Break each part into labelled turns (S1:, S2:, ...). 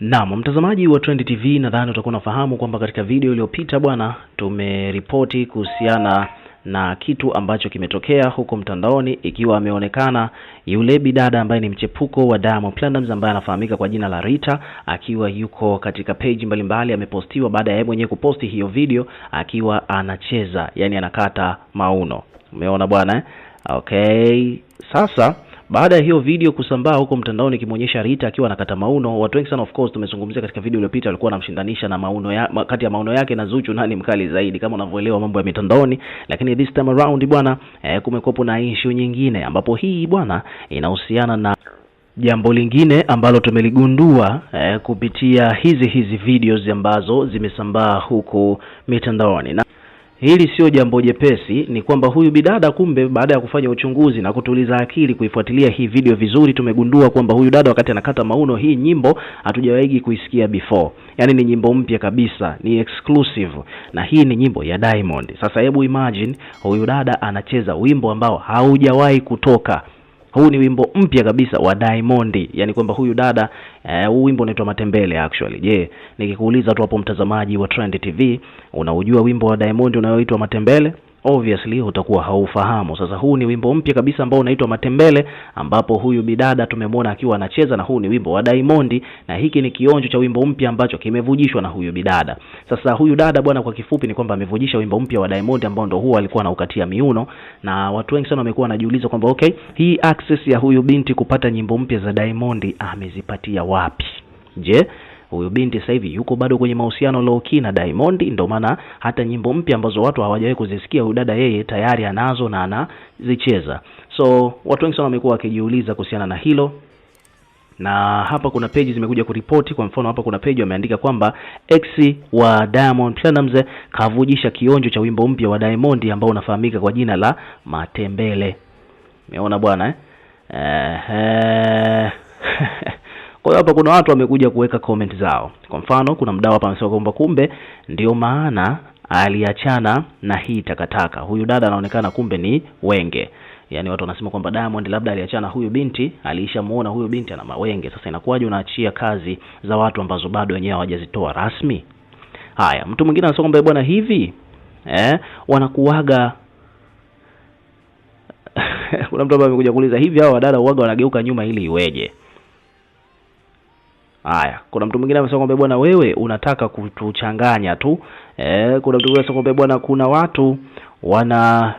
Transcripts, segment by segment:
S1: Naam, mtazamaji wa Trend TV, nadhani utakuwa unafahamu kwamba katika video iliyopita bwana, tumeripoti kuhusiana na kitu ambacho kimetokea huko mtandaoni, ikiwa ameonekana yule bidada ambaye ni mchepuko wa Diamond Platnumz ambaye anafahamika kwa jina la Rita, akiwa yuko katika page mbalimbali, amepostiwa baada ya yeye mwenyewe kuposti hiyo video akiwa anacheza, yani anakata mauno. Umeona bwana eh? Okay, sasa baada ya hiyo video kusambaa huko mtandaoni ikimwonyesha Rita akiwa anakata Mauno, watu wengi sana of course tumezungumzia katika video iliyopita, walikuwa wanamshindanisha na Mauno ya, kati ya Mauno yake na Zuchu nani mkali zaidi, kama unavyoelewa mambo ya mitandaoni. Lakini this time around bwana eh, kumekwepo na issue nyingine ambapo hii bwana inahusiana na jambo lingine ambalo tumeligundua eh, kupitia hizi hizi videos ambazo zimesambaa huko mitandaoni na hili sio jambo jepesi. Ni kwamba huyu bidada kumbe, baada ya kufanya uchunguzi na kutuliza akili, kuifuatilia hii video vizuri, tumegundua kwamba huyu dada wakati anakata mauno, hii nyimbo hatujawahi kuisikia before, yaani ni nyimbo mpya kabisa, ni exclusive, na hii ni nyimbo ya Diamond. Sasa hebu imagine huyu dada anacheza wimbo ambao haujawahi kutoka huu ni wimbo mpya kabisa wa Diamond, yani kwamba huyu dada eh, huu wimbo unaitwa Matembele actually. Je, nikikuuliza tu hapo mtazamaji wa Trend TV, unaujua wimbo wa Diamond unaoitwa Matembele? obviously utakuwa haufahamu. Sasa huu ni wimbo mpya kabisa ambao unaitwa Matembele, ambapo huyu bidada tumemwona akiwa anacheza, na huu ni wimbo wa Diamond, na hiki ni kionjo cha wimbo mpya ambacho kimevujishwa na huyu bidada. Sasa huyu dada bwana, kwa kifupi ni kwamba amevujisha wimbo mpya wa Diamond ambao ndo huo alikuwa anaukatia miuno, na watu wengi sana wamekuwa wanajiuliza kwamba okay, hii access ya huyu binti kupata nyimbo mpya za Diamond amezipatia wapi? Je, huyu binti sasa hivi yuko bado kwenye mahusiano low key na Diamond, ndio maana hata nyimbo mpya ambazo watu hawajawahi kuzisikia huyu dada yeye tayari anazo na anazicheza. So watu wengi sana wamekuwa wakijiuliza kuhusiana na hilo na hapa kuna peji zimekuja kuripoti. Kwa mfano, hapa kuna peji wameandika kwamba ex wa Diamond Platnumz kavujisha kionjo cha wimbo mpya wa Diamond ambao unafahamika kwa jina la Matembele. Umeona bwana eh? Kwa hiyo hapa kuna watu wamekuja kuweka comment zao. Kwa mfano, kuna mdau hapa amesema kwamba kumbe ndio maana aliachana na hii takataka. Huyu dada anaonekana kumbe ni wenge. Yaani watu wanasema kwamba Diamond labda aliachana huyu binti, alishamuona huyu binti ana mawenge. Sasa inakuwaje unaachia kazi za watu ambazo bado wenyewe hawajazitoa rasmi? Haya, mtu mwingine anasema kwamba eh, bwana hivi eh, wanakuaga kuna mtu ambaye amekuja kuuliza hivi hao wadada uaga wanageuka nyuma ili iweje? Haya, kuna mtu mwingine amesema kwamba bwana, wewe unataka kutuchanganya tu e. Kuna mtu mwingine amesema kwamba bwana, kuna watu wana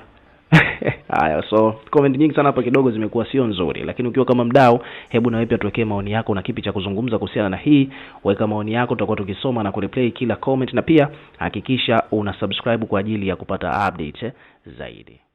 S1: haya so comment nyingi sana hapa kidogo zimekuwa sio nzuri, lakini ukiwa kama mdau, hebu wewe pia tuwekee maoni yako na kipi cha kuzungumza kuhusiana na hii. Weka maoni yako, tutakuwa tukisoma na kureplay kila comment, na pia hakikisha una subscribe kwa ajili ya kupata update zaidi.